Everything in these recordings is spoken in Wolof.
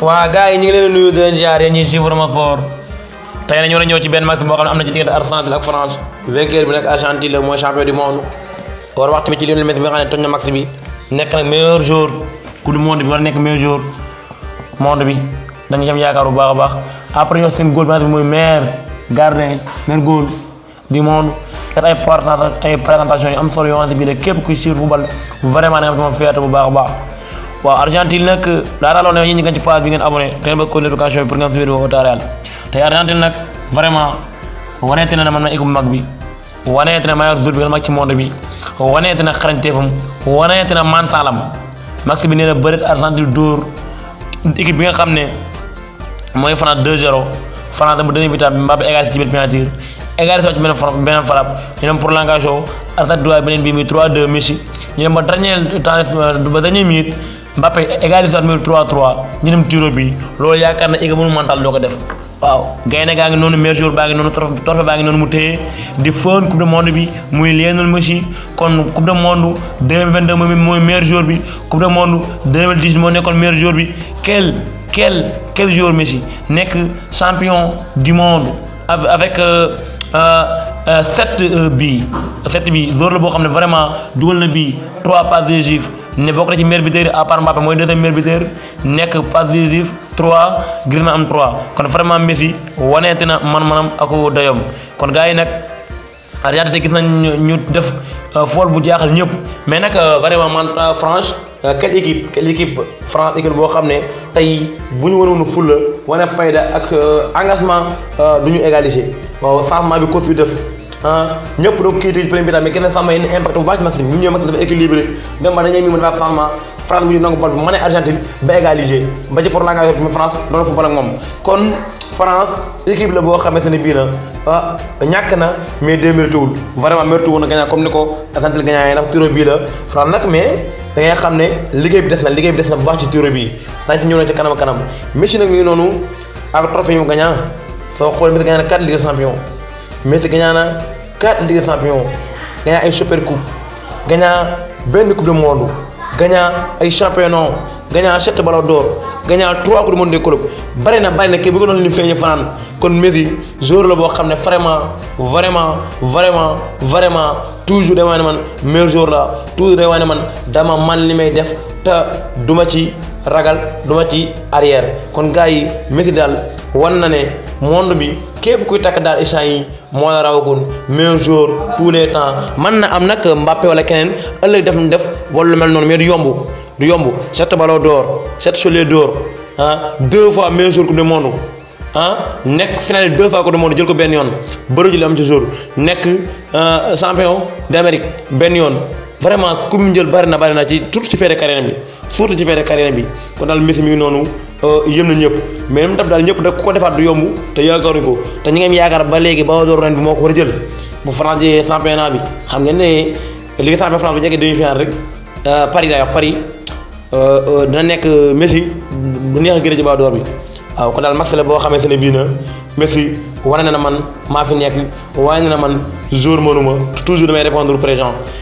waa gars yi ñu ngi leen di nuyu di leen jaar yéen ñuy suivre ma sport tey nag ñu war a ñëw ci benn match boo xam ne am na ci diggante Arsenal ak France vainqueur bi nag Argentine la mooy champion du monde war wax tamit ci Lionel Messi nga xam ne toj na match bi nekk nag meilleur joueur coupe du monde bi war nekk meilleur joueur monde bi dañu ci yaakaar bu baax a baax après yow seen góol bi nga xam ne mooy meilleur gardien meilleur góol du monde kat ay ay présentation yu am solo yoo xamante bi ne képp kuy suivre football vraiment da nga am sama fierté bu baax a baax wa Argentine nak laata loolu nag ñu ngi ci page bi ngeen abonné te ngeen bëgg ko notification pour ngeen fi vidéo taaral te Argentine nak vraiment waneete na man ma équipe mag bi waneete na ma yor bi mag ci monde bi waneete na xarañteefam waneete na mentalam mag bi neena na Argentine dóor équipe bi nga xam moy mooy France 2-0 France dama dañu bi mbappe Mbappé égalisé ci biir penalty égalisé ci benn frappe benen frappe ñu dem pour prolongation Argentine duwaay benen bi mi 3-2 Messi ñu ma dernier temps du ba dernier minute Mbappé égalisé waat mooy 3-3 ñu dem tiro bi loolu yaakaar na équipe bu mental doo ko def waaw gaynde gaa ngi noonu meilleur joueur baa ngi noonu trophée baa ngi noonu mu téye di fóon coupe du monde bi muy Lionel Messi kon coupe du monde 2022 mooy meilleur du monde 2010 moo nekkoon meilleur bi quel quel quel joueur Messi nekk champion du monde avec. Euh, euh, Euh, set euh, bii set bii vraiment dougal na pas, trois ne bokk ci à part Mbappé faire de 3 kon vraiment Messi na man-manam ako kon gars nañ ñu def euh, bu mais vraiment France quelle équipe quelle équipe France équipe bo xamné tay buñu wonone fayda ak engagement duñu égaliser Ah, ñëpp donc kii ñëw match a Argentine ba égaliser ba ci ne bii na ah na mais de mérité wul vraiment mérité wul na gañaa comme ni ko Argentine gañaa ndax tiro bii la xam ne liggéey bi des na liggéey bi des na bu baax ci tiro bii daañu ci ñëw na ci kanam kanam Messi nag ñu noonu ak trophée yu gañaa soo xool Messi gañaa na 4 Ligue des Champions 4 Ligue des Champions gagnant une super coupe gagnant benn coupe du monde gagnant un championnat gagnant 7 ballons d'or gagnant trois coupe du monde des clubs Il y a na kii bi ko doon lim feeñu fanaan kon Messi je le vois xam vraiment vraiment vraiment vraiment toujours day wane man meilleur joueur la toujours day wane dans ma man li may te du ma ci ragal du ma ci arrière kon gars yi métti daal wan na ne monde bi képp kuy takk daal instant yi moo la rawagun meilleur joueur tous les temps man na am nag Mbappé wala keneen ëllëg def ñu def wala lu mel noonu mais du yomb du yomb sept balo d'or sept soulier d'or ah deux fois meilleur joueur coupe du monde ah nekk finale deux fois coupe du monde jël ko benn yoon bëri ji la am ci jour nekk ah, champion d'Amérique benn yoon. vraiment ku mu jël bari na bari na ci surtout ci fin de carrière bi surtout ci fin de bi kon daal Messi mi ngi noonu euh, yëm na ñëpp mais même daf daal ñëpp da ku ko defaat yomb te yaakaaruñu ko ñu ngi yaakaar ba léegi ba door ren bi moo ko war a jël bu France jëlee championnat bi xam ngeen ne Ligue champion France bu jege demi-finale rek euh, Paris daay wax Paris euh, dina nekk Messi du neex a gërë ci ba door bi waaw boo xamante ne bii na Messi wane na man maa fi nekk wane na man jour mënuma toujours damay répondre présent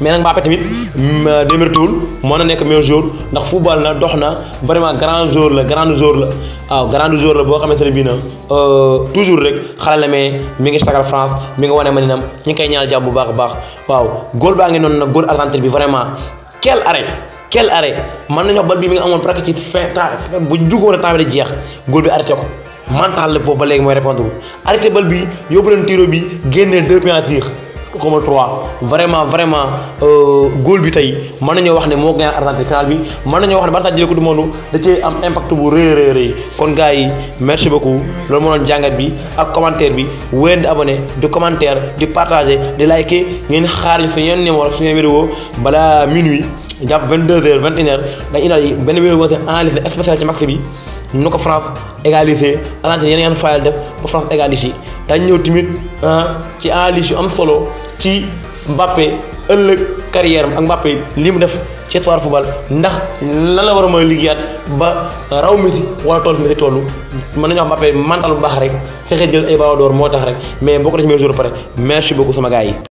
mais nag Mbappé tamit mm, euh, demertuwul mën na nekk meilleur joueur ndax football na dox na vraiment grand joueur la grand joueur la waaw grand joueur la boo xamante ne bii na euh, toujours rek xale la mais mi ngi sagal France mi ngi wane ma ninam ñi ngi koy ñaanal jàmm bu baax a baax waaw góol baa ngi noonu nag góol Argentine bi vraiment quel arrêt quel arrêt mën nañu wax bal bi mi ngi amoon presque ci fin temps bu jugoon a temps bi di jeex góol bi arrêté ko mental la boobu ba léegi mooy répondre bi yóbbu leen bi génnee xawma 3 vraiment vraiment euh, góol bi tey mën nañoo wax ne moo gën a Argentine bi mën nañoo wax ne Barça jëlee ko du monde da cee am impact bu rëy rëy kon gars yi merci beaucoup loolu moo doon jàngat bi ak commentaire bi wéen di abonné di commentaire di partager di liker ngeen xaar ñu suñu yenn numéro suñu vidéo balaa minuit jàpp 22h de h dañu indaal yi benn vidéo boo xam ne analyse spéciale ci match bi nu ko France égalisé Argentine yeneen fayal def ba France dañ ñëw tamit ah, ci analyse yu am solo ci Mbappé ëllëg carrière am ak Mbappé li mu def ci histoire football ndax lan la war a mën a liggéeyaat ba raw Messi wala toll Messi toll mën nañu wax Mbappé mental bu baax rek fexe jël ay ballon moo tax rek mais bokk na ci meilleur joueur pare merci beaucoup sama gars yi.